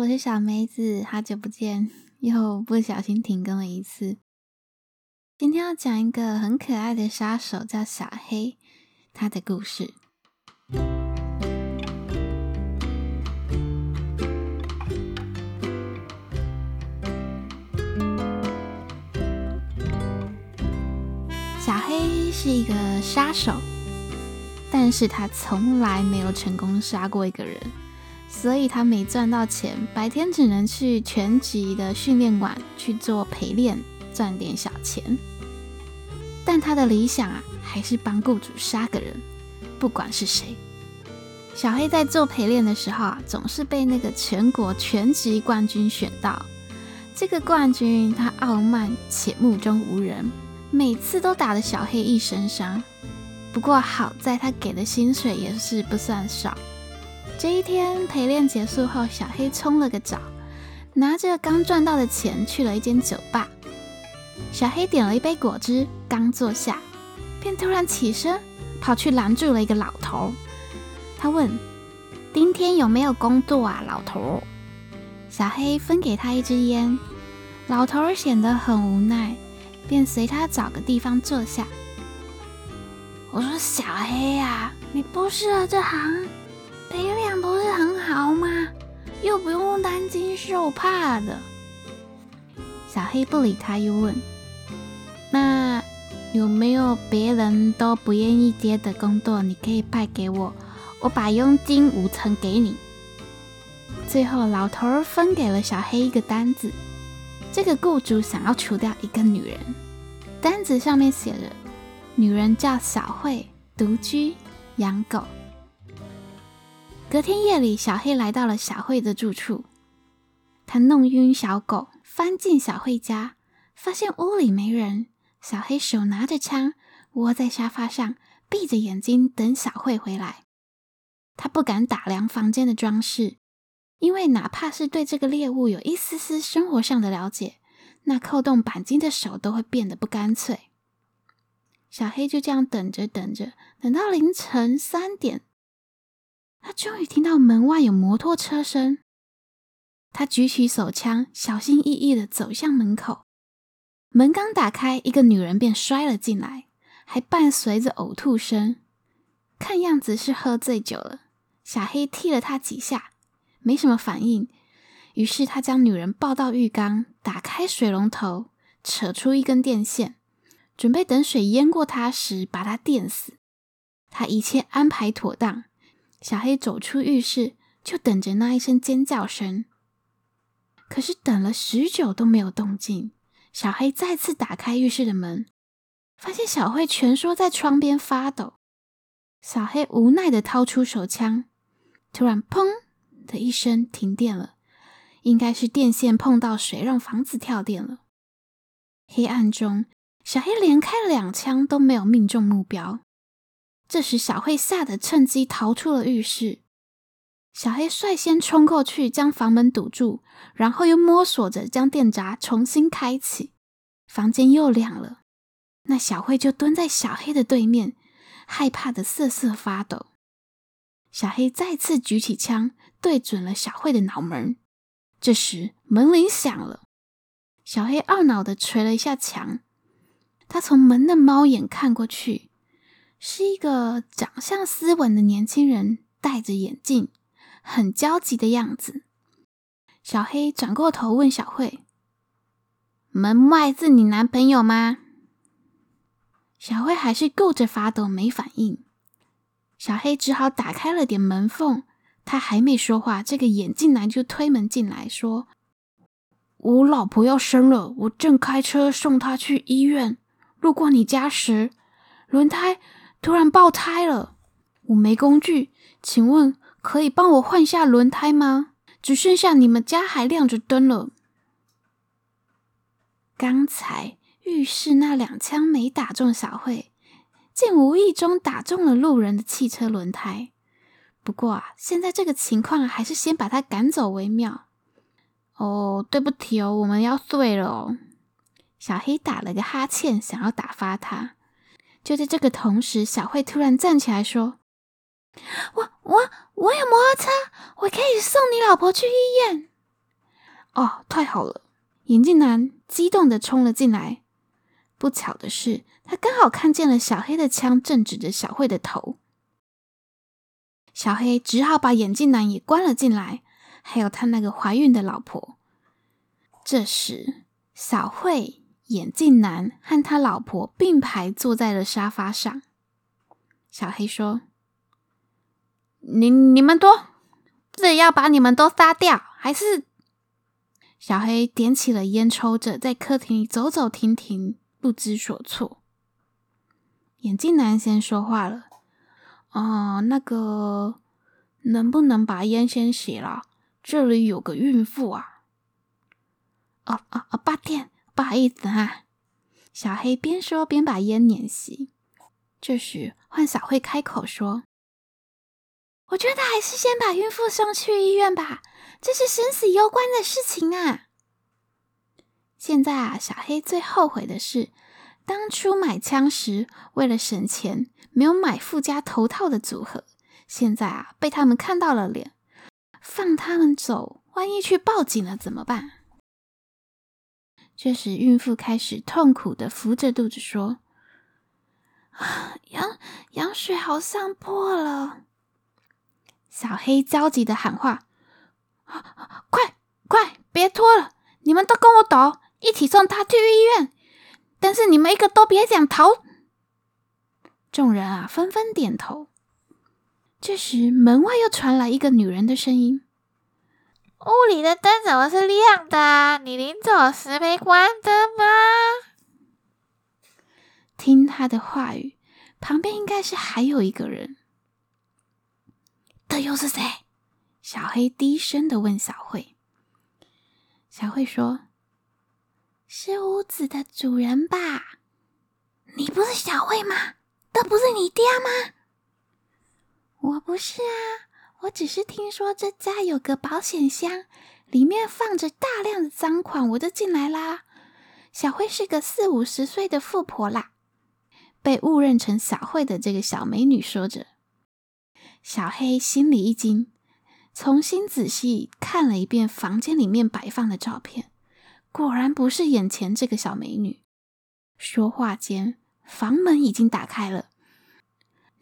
我是小梅子，好久不見，又不小心停更了一次。今天要講一個很可愛的殺手，叫小黑，他的故事。小黑是一個殺手，但是他從來沒有成功殺過一個人。所以他沒賺到錢，白天只能去拳擊的訓練館去做陪練，賺點小錢。但他的理想啊，還是幫雇主殺個人，不管是誰。小黑在做陪練的時候啊，總是被那個全國拳擊冠軍選到。這個冠軍他傲慢且目中無人，每次都打得小黑一身傷。不過好在他給的薪水也是不算少。這一天陪練結束後，小黑沖了個澡，拿着剛賺到的錢去了一間酒吧。小黑點了一杯果汁，剛坐下，便突然起身跑去攔住了一個老頭。他問：“今天有沒有工作啊，老頭？”小黑分給他一支煙，老頭顯得很無奈，便隨他找個地方坐下。我說：“小黑呀、啊，你不適合這行。”陪練不是很好嗎？又不用擔驚受怕的。小黑不理他，又問：“那有沒有別人都不願意接的工作，你可以派給我，我把傭金五成給你。”最後，老頭兒分給了小黑一個單子。這個僱主想要除掉一個女人。單子上面寫着：“女人叫小慧，獨居，養狗。”隔天夜裡，小黑來到了小慧的住處。他弄暈小狗，翻進小慧家，發現屋裡沒人。小黑手拿着槍，窩在沙發上，閉着眼睛等小慧回來。他不敢打量房間的裝飾，因為哪怕是對這個獵物有一絲絲生活上的了解，那扣動扳機的手都會變得不乾脆。小黑就這樣等着，等着，等到凌晨三點。他終於聽到門外有摩托車聲，他舉起手槍，小心翼翼地走向門口。門剛打開，一個女人便摔了進來，還伴隨着嘔吐聲，看樣子是喝醉酒了。小黑踢了他幾下，沒什麼反應，於是他將女人抱到浴缸，打開水龍頭，扯出一根電線，準備等水淹過他時把他電死。他一切安排妥當。小黑走出浴室，就等着那一聲尖叫聲。可是等了許久都沒有動靜。小黑再次打開浴室的門，發現小慧蜷縮在窗邊發抖。小黑無奈地掏出手槍，突然“砰”的一聲，停電了。應該是電線碰到水，讓房子跳電了。黑暗中，小黑連開兩槍都沒有命中目標。這時，小慧嚇得趁機逃出了浴室。小黑率先衝過去，將房門堵住，然後又摸索着將電閘重新開啟，房間又亮了。那小慧就蹲在小黑的對面，害怕的瑟瑟發抖。小黑再次舉起槍，對準了小慧的腦門。這時，門鈴響了。小黑懊惱的捶了一下牆，他從門的貓眼看過去。是一個長相斯文的年輕人，戴着眼鏡，很焦急的樣子。小黑轉過頭問小慧：“門外是你男朋友嗎？”小慧還是夠着發抖，沒反應。小黑只好打開了點門縫。他還沒說話，這個眼鏡男就推門進來，說：“我老婆要生了，我正開車送她去醫院。路過你家時，輪胎……”突然爆胎了，我沒工具，請問可以幫我換下輪胎嗎？只剩下你們家還亮着燈了。剛才浴室那兩槍沒打中小慧，竟無意中打中了路人的汽車輪胎。不過啊，現在這個情況還是先把他趕走為妙。哦，對不起哦，我們要睡了哦。小黑打了個哈欠，想要打發他。就在這個同時，小慧突然站起來說：“我、我、我有摩托車，我可以送你老婆去醫院。”哦，太好了！眼鏡男激動地衝了進來。不巧的是，他剛好看見了小黑的槍正指着小慧的頭，小黑只好把眼鏡男也關了進來，還有他那個懷孕的老婆。這時，小慧。眼鏡男和他老婆並排坐在了沙發上。小黑說：“你你們多，這要把你們都殺掉？還是？”小黑點起了煙，抽着，在客廳裡走走停停，不知所措。眼鏡男先說話了：“哦、呃，那個，能不能把煙先熄了？這裡有個孕婦啊。哦”“哦哦哦，八天。”不好意思啊，小黑邊說邊把煙捻熄。這時，換小慧開口說：“我覺得還是先把孕婦送去醫院吧，這是生死攸關的事情啊。”現在啊，小黑最後悔的是當初買槍時為了省錢，沒有買附加頭套的組合。現在啊，被他們看到了臉，放他們走，萬一去報警了怎麼辦？這時，孕婦開始痛苦的扶着肚子說：“啊，羊羊水好像破了。”小黑焦急的喊話：“啊，快快，別拖了！你們都跟我走，一起送他去醫院。但是你們一個都別想逃！”眾人啊，紛紛點頭。這時，門外又傳來一個女人的聲音。屋裡的燈怎麼是亮的啊？你臨走時沒關燈嗎？聽他的話語，旁邊應該是還有一個人。這又是誰？小黑低聲地問小慧。小慧說：“是屋子的主人吧？你不是小慧嗎？這不是你爹嗎？”我不是啊。我只是聽說這家有個保險箱，裡面放着大量的贓款，我就進來啦。小慧是個四五十歲的富婆啦，被誤認成小慧的這個小美女說着，小黑心裡一驚，重新仔細看了一遍房間裡面擺放的照片，果然不是眼前這個小美女。說話間，房門已經打開了。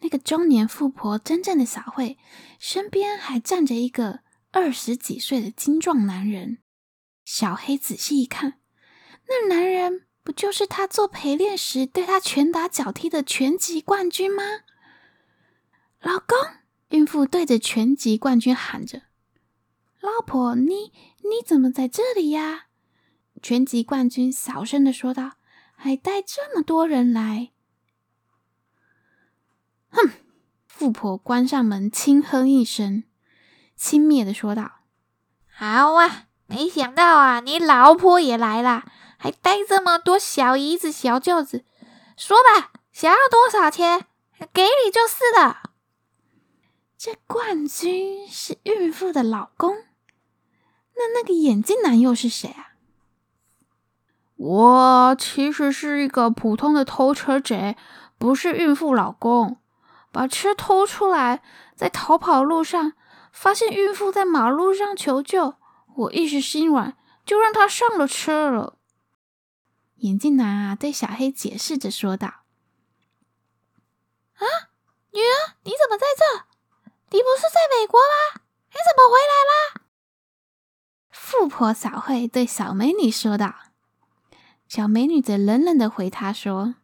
那個中年富婆，真正的小慧，身邊還站着一個二十幾歲的精壯男人。小黑仔細一看，那男人不就是他做陪練時對他拳打腳踢的拳擊冠軍嗎？老公，孕婦對着拳擊冠軍喊着：“老婆，你你怎麼在這裡呀、啊？”拳擊冠軍小聲地說道：“還帶這麼多人來。”哼，富婆關上門，輕哼一聲，輕蔑的說道：“好啊，沒想到啊，你老婆也來啦，還帶這麼多小姨子、小舅子。說吧，想要多少錢，給你就是了。”這冠軍是孕婦的老公，那那個眼鏡男又是誰啊？我其實是一個普通的偷車賊，不是孕婦老公。把車偷出來，在逃跑路上發現孕婦在馬路上求救，我一時心軟，就讓她上了車了。眼鏡男啊，對小黑解釋着說道：“啊，女兒，你怎麼在這？你不是在美國嗎？你怎麼回來啦？”富婆小慧對小美女說道，小美女則冷冷的回她說：“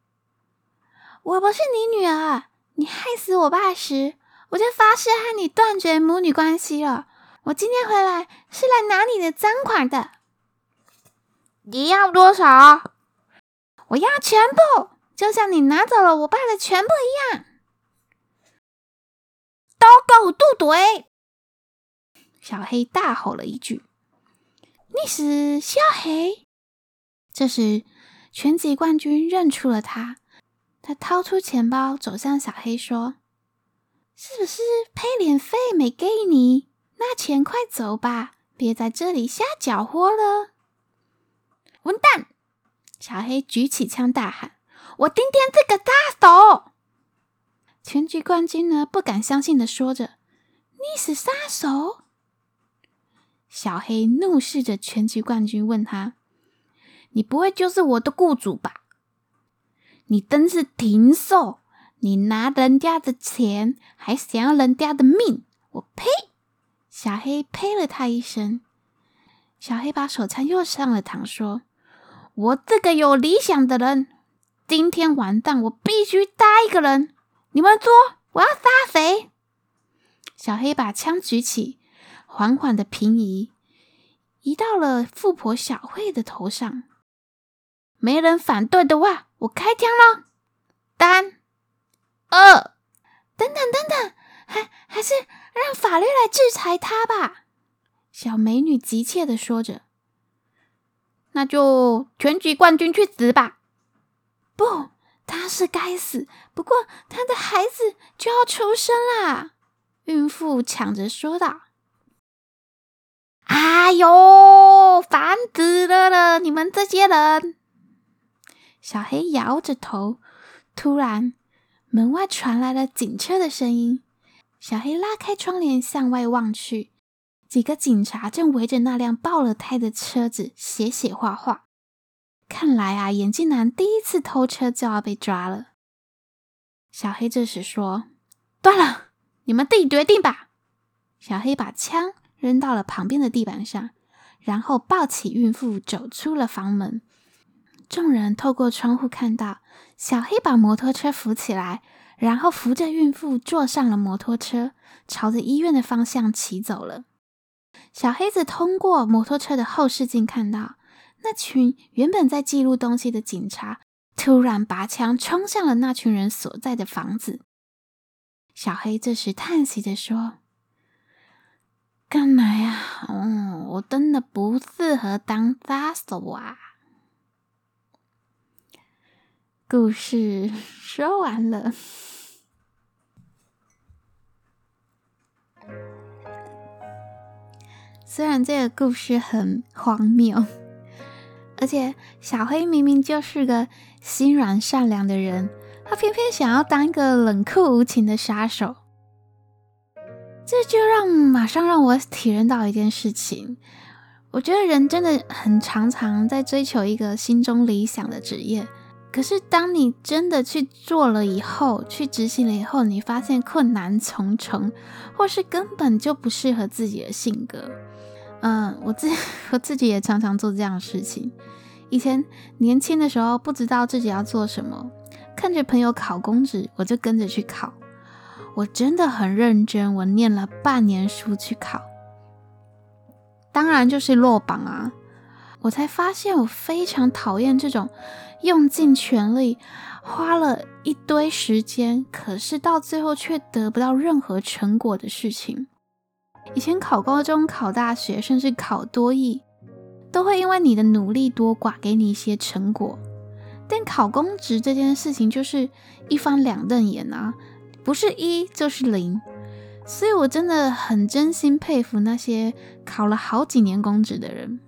我不是你女兒。”你害死我爸時，我就發誓和你斷絕母女關係了。我今天回來是來拿你的贓款的。你要多少？我要全部，就像你拿走了我爸的全部一樣。都給我閉嘴，小黑大吼了一句：“你是小黑。”這時，拳擊冠軍認出了他。他掏出錢包，走向小黑，說：“是不是配臉費沒給你？那錢快走吧，別在這裡瞎攪和了！”混蛋！小黑舉起槍，大喊：“我今天是個殺手！”拳擊冠軍呢？不敢相信的說着：“你是殺手？”小黑怒視着拳擊冠軍，問他：“你不會就是我的僱主吧？”你真是禽獸！你拿人家的錢，還想要人家的命？我呸！小黑呸了他一聲。小黑把手槍又上了膛，說：“我這個有理想的人，今天完蛋，我必須殺一個人。你們說，我要殺誰？”小黑把槍舉起，緩緩的平移，移到了富婆小慧的頭上。沒人反對的話，我開槍了。三二等等等等，還還是讓法律來制裁他吧。小美女急切地說着：“那就全局冠軍去死吧！”不，他是該死。不過他的孩子就要出生啦！孕婦搶着說道：“哎呦，煩死了了！你們這些人！”小黑搖着頭，突然門外傳來了警車的聲音。小黑拉開窗簾向外望去，幾個警察正圍着那輛爆了胎的車子寫寫畫畫。看來啊，眼鏡男第一次偷車就要被抓了。小黑這時說：“斷了，你們自己決定吧。”小黑把槍扔到了旁邊的地板上，然後抱起孕婦走出了房門。眾人透過窗戶看到，小黑把摩托車扶起來，然後扶着孕婦坐上了摩托車，朝着醫院的方向騎走了。小黑子通過摩托車的後視鏡看到，那群原本在記錄東西的警察突然拔槍衝向了那群人所在的房子。小黑這時嘆息着說：“幹嘛呀？嗯、哦，我真的不適合當殺手啊。”故事說完了。雖然這個故事很荒謬，而且小黑明明就是個心軟善良的人，他偏偏想要當一個冷酷無情的殺手。這就讓馬上讓我體驗到一件事情，我覺得人真的很常常在追求一個心中理想的職業。可是，當你真的去做了以後，去執行了以後，你發現困難重重，或是根本就不適合自己的性格。嗯，我自己我自己也常常做這樣的事情。以前年輕的時候，不知道自己要做什麼，看着朋友考公職，我就跟着去考。我真的很認真，我念了半年書去考，當然就是落榜啊。我才發現，我非常討厭這種用盡全力，花了一堆時間，可是到最後卻得不到任何成果的事情。以前考高中、考大學，甚至考多益，都會因為你的努力多寡，給你一些成果。但考公職這件事情，就是一翻兩瞪眼啊，不是一就是零。所以，我真的很真心佩服那些考了好幾年公職的人。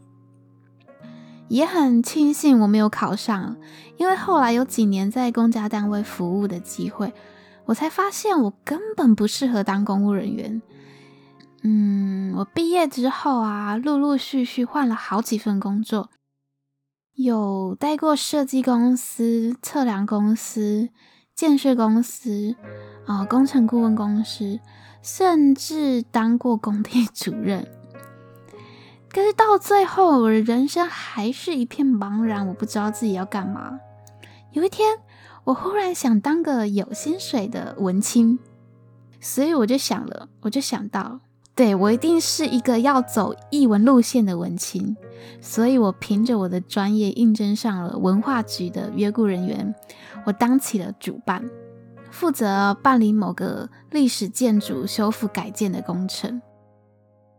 也很慶幸我沒有考上，因為後來有幾年在公家單位服務的機會，我才發現我根本不適合當公務人員。嗯，我畢業之後啊，陸陸續續換了好幾份工作，有待過設計公司、測量公司、建設公司、啊、哦、工程顧問公司，甚至當過工地主任。可是到最後，我的人生還是一片茫然，我不知道自己要幹嘛。有一天，我忽然想當個有薪水的文青，所以我就想了，我就想到，對，我一定是一個要走藝文路線的文青，所以，我憑着我的專業應徵上了文化局的約雇人員，我當起了主辦，負責辦理某個歷史建築修復改建的工程。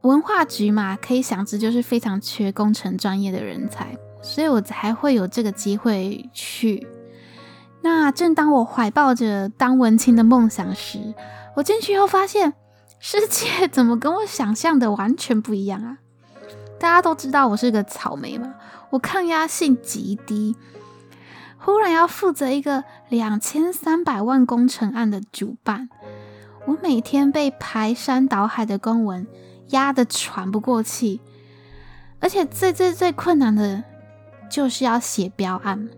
文化局嘛，可以想知，就是非常缺工程專業的人才，所以我才會有這個機會去。那正當我懷抱着當文青的夢想時，我進去後發現世界怎麼跟我想象的完全不一樣啊！大家都知道我是個草莓嘛，我抗壓性極低，忽然要負責一個兩千三百萬工程案的主辦，我每天被排山倒海的公文。壓得喘不過氣，而且最最最困難的，就是要寫標案，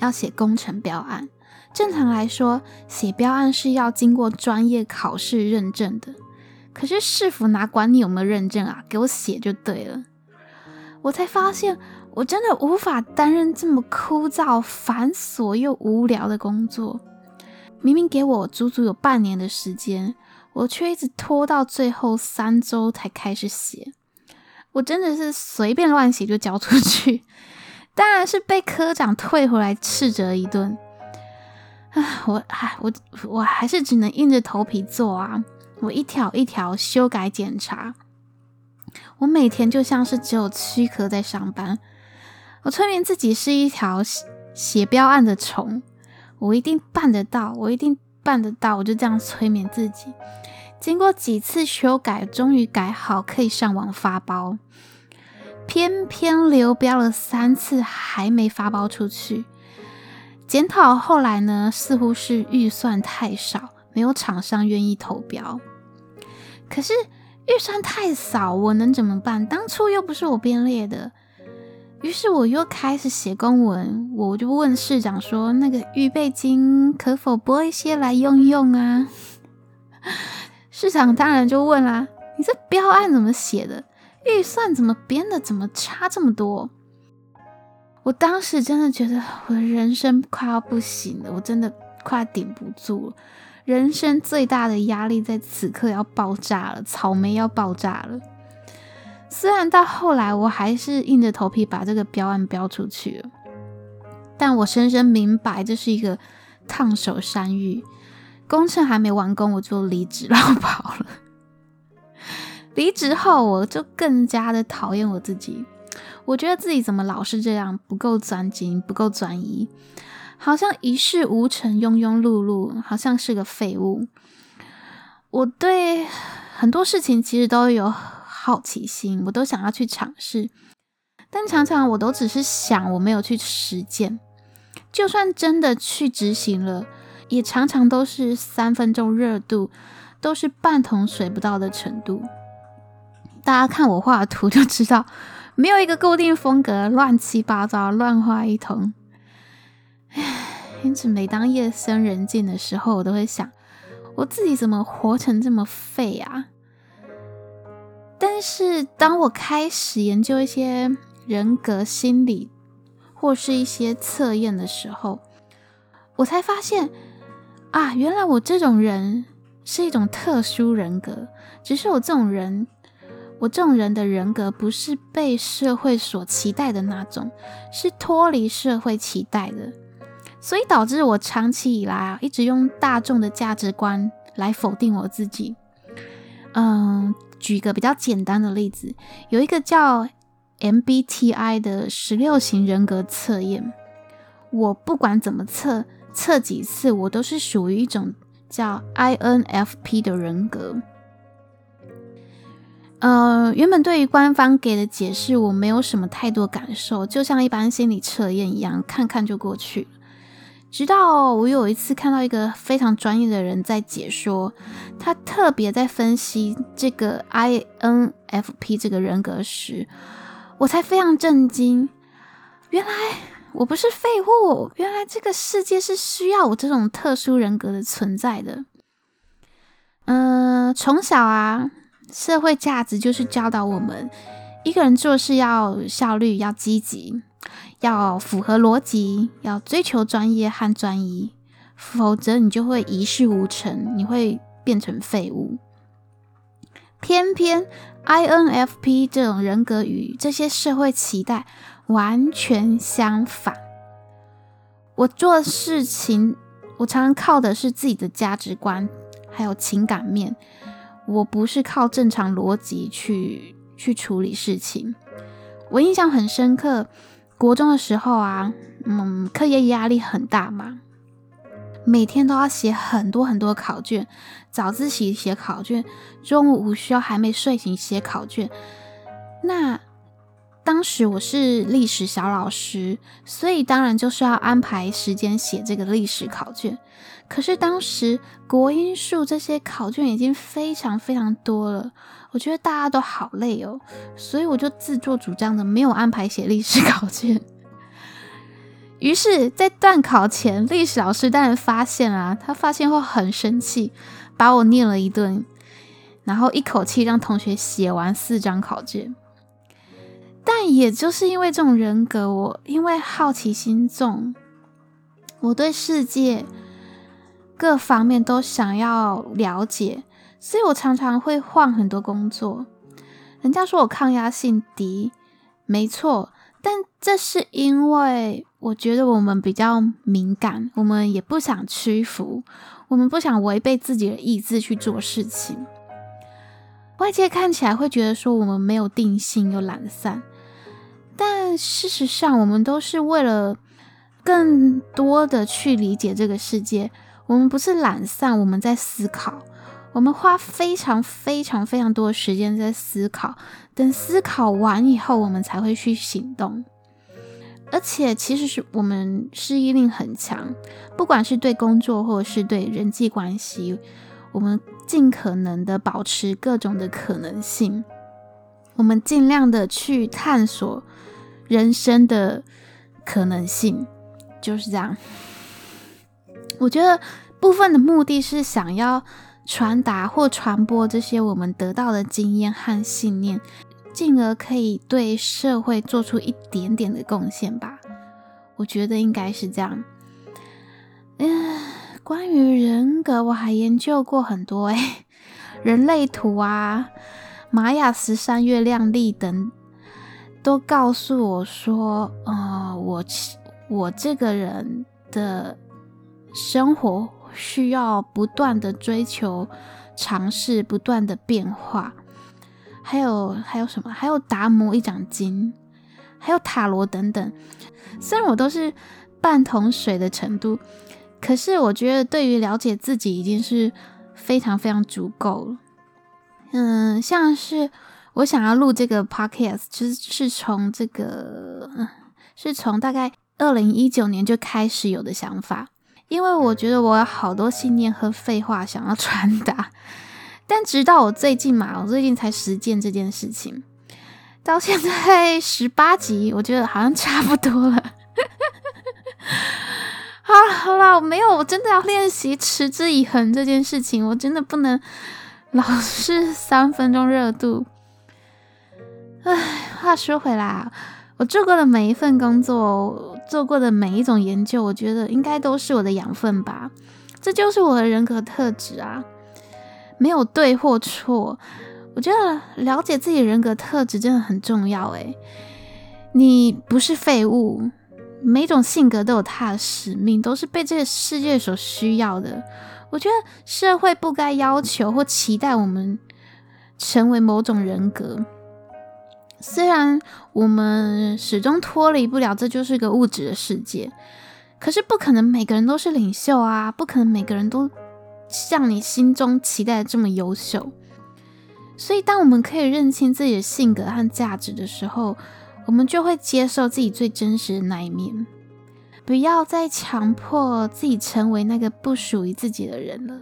要寫工程標案。正常來說，寫標案是要經過專業考試認證的，可是市府哪管你有沒有認證啊？給我寫就對了。我才發現，我真的無法擔任這麼枯燥、繁瑣又無聊的工作。明明給我足足有半年的時間。我卻一直拖到最後三週才開始寫，我真的是隨便亂寫就交出去，當然是被科長退回來斥責一頓。唉，我唉我我還是只能硬着頭皮做啊！我一條一條修改檢查，我每天就像是只有軀殼在上班，我催眠自己是一條寫寫標案的蟲，我一定辦得到，我一定。辦得到，我就這樣催眠自己。經過幾次修改，終於改好，可以上網發包。偏偏流標了三次，還沒發包出去。檢討後來呢？似乎是預算太少，沒有廠商願意投標。可是預算太少，我能怎麼辦？當初又不是我編列的。於是我又開始寫公文，我就問市長說：“那個預備金可否撥一些來用用啊？” 市長當然就問啦、啊：“你這標案怎麼寫的？預算怎麼編的？怎麼差這麼多？”我當時真的覺得我的人生快要不行了，我真的快頂不住了，人生最大的壓力在此刻要爆炸了，草莓要爆炸了。雖然到後來我還是硬着頭皮把這個標案標出去了，但我深深明白這是一個燙手山芋，工程還沒完工我就離職了，我跑了。離職後我就更加的討厭我自己，我覺得自己怎麼老是這樣，不夠專精，不夠專一，好像一事無成，庸庸碌碌，好像是個廢物。我對很多事情其實都有。好奇心，我都想要去嘗試，但常常我都只是想，我沒有去實踐。就算真的去執行了，也常常都是三分鐘熱度，都是半桶水不到的程度。大家看我畫的圖就知道，沒有一個固定風格，亂七八糟，亂畫一通。唉，因此每當夜深人靜的時候，我都會想，我自己怎麼活成這麼廢啊？但是，當我開始研究一些人格心理或是一些測驗的時候，我才發現，啊，原來我這種人是一種特殊人格。只是我這種人，我這種人的人格不是被社會所期待的那種，是脫離社會期待的。所以導致我長期以來啊，一直用大眾的價值觀來否定我自己。嗯。舉個比較簡單的例子，有一個叫 MBTI 的十六型人格測驗，我不管怎麼測，測幾次我都是屬於一種叫 INFP 的人格。呃，原本對於官方給的解釋，我沒有什麼太多感受，就像一般心理測驗一樣，看看就過去。直到我有一次看到一個非常專業的人在解說，他特別在分析這個 INFP 這個人格時，我才非常震驚。原來我不是廢物，原來這個世界是需要我這種特殊人格的存在的。嗯、呃，從小啊，社會價值就是教導我們，一個人做事要效率，要積極。要符合邏輯，要追求專業和專一，否則你就會一事無成，你會變成廢物。偏偏 INFP 這種人格與這些社會期待完全相反。我做事情，我常常靠的是自己的價值觀，還有情感面。我不是靠正常邏輯去去處理事情。我印象很深刻。國中的時候啊，嗯，課業壓力很大嘛，每天都要寫很多很多考卷，早自習寫考卷，中午午休還沒睡醒寫考卷。那當時我是歷史小老師，所以當然就是要安排時間寫這個歷史考卷。可是當時國英數這些考卷已經非常非常多了。我覺得大家都好累哦，所以我就自作主張的沒有安排寫歷史考卷。 於是，在段考前，歷史老師當然發現啊。他發現後很生氣，把我念了一頓，然後一口氣讓同學寫完四張考卷。但也就是因為這種人格，我因為好奇心重，我對世界各方面都想要了解。所以我常常會換很多工作。人家說我抗壓性低，沒錯，但這是因為我覺得我們比較敏感，我們也不想屈服，我們不想違背自己的意志去做事情。外界看起來會覺得說我們沒有定性又懶散，但事實上我們都是為了更多的去理解這個世界。我們不是懶散，我們在思考。我們花非常非常非常多的時間在思考，等思考完以後，我們才會去行動。而且，其實是我們適應力很強，不管是對工作，或者是對人際關係，我們盡可能的保持各種的可能性，我們盡量的去探索人生的可能性，就是這樣。我覺得部分的目的是想要。傳達或傳播這些我們得到的經驗和信念，進而可以對社會做出一點點的貢獻吧。我覺得應該是這樣。嗯、呃，關於人格，我還研究過很多、欸，誒，人類圖啊、瑪雅十三月亮曆等，都告訴我說，呃，我我這個人的生活。需要不斷的追求、嘗試、不斷的變化，還有還有什麼？還有達摩一掌經，還有塔羅等等。雖然我都是半桶水的程度，可是我覺得對於了解自己已經是非常非常足夠了。嗯，像是我想要錄這個 podcast，其實是從這個，是從大概二零一九年就開始有的想法。因為我覺得我有好多信念和廢話想要傳達，但直到我最近嘛，我最近才實踐這件事情。到現在十八集，我覺得好像差不多了。 好了好了，我沒有，我真的要練習持之以恆這件事情，我真的不能老是三分鐘熱度。哎，話說回來，我做過的每一份工作哦。做過的每一種研究，我覺得應該都是我的養分吧。這就是我的人格特質啊，沒有對或錯。我覺得了解自己人格特質真的很重要欸。哎，你不是廢物，每種性格都有它的使命，都是被這個世界所需要的。我覺得社會不該要求或期待我們成為某種人格。雖然我們始終脫離不了，這就是個物質的世界，可是不可能每個人都是領袖啊，不可能每個人都像你心中期待的這麼優秀。所以，當我們可以認清自己的性格和價值的時候，我們就會接受自己最真實的那一面，不要再強迫自己成為那個不屬於自己的人了，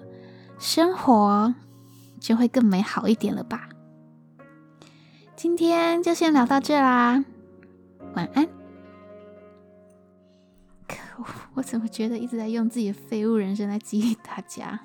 生活就會更美好一點了吧。今天就先聊到這啦，晚安。可惡，我怎麼覺得一直在用自己的廢物人生來激勵大家？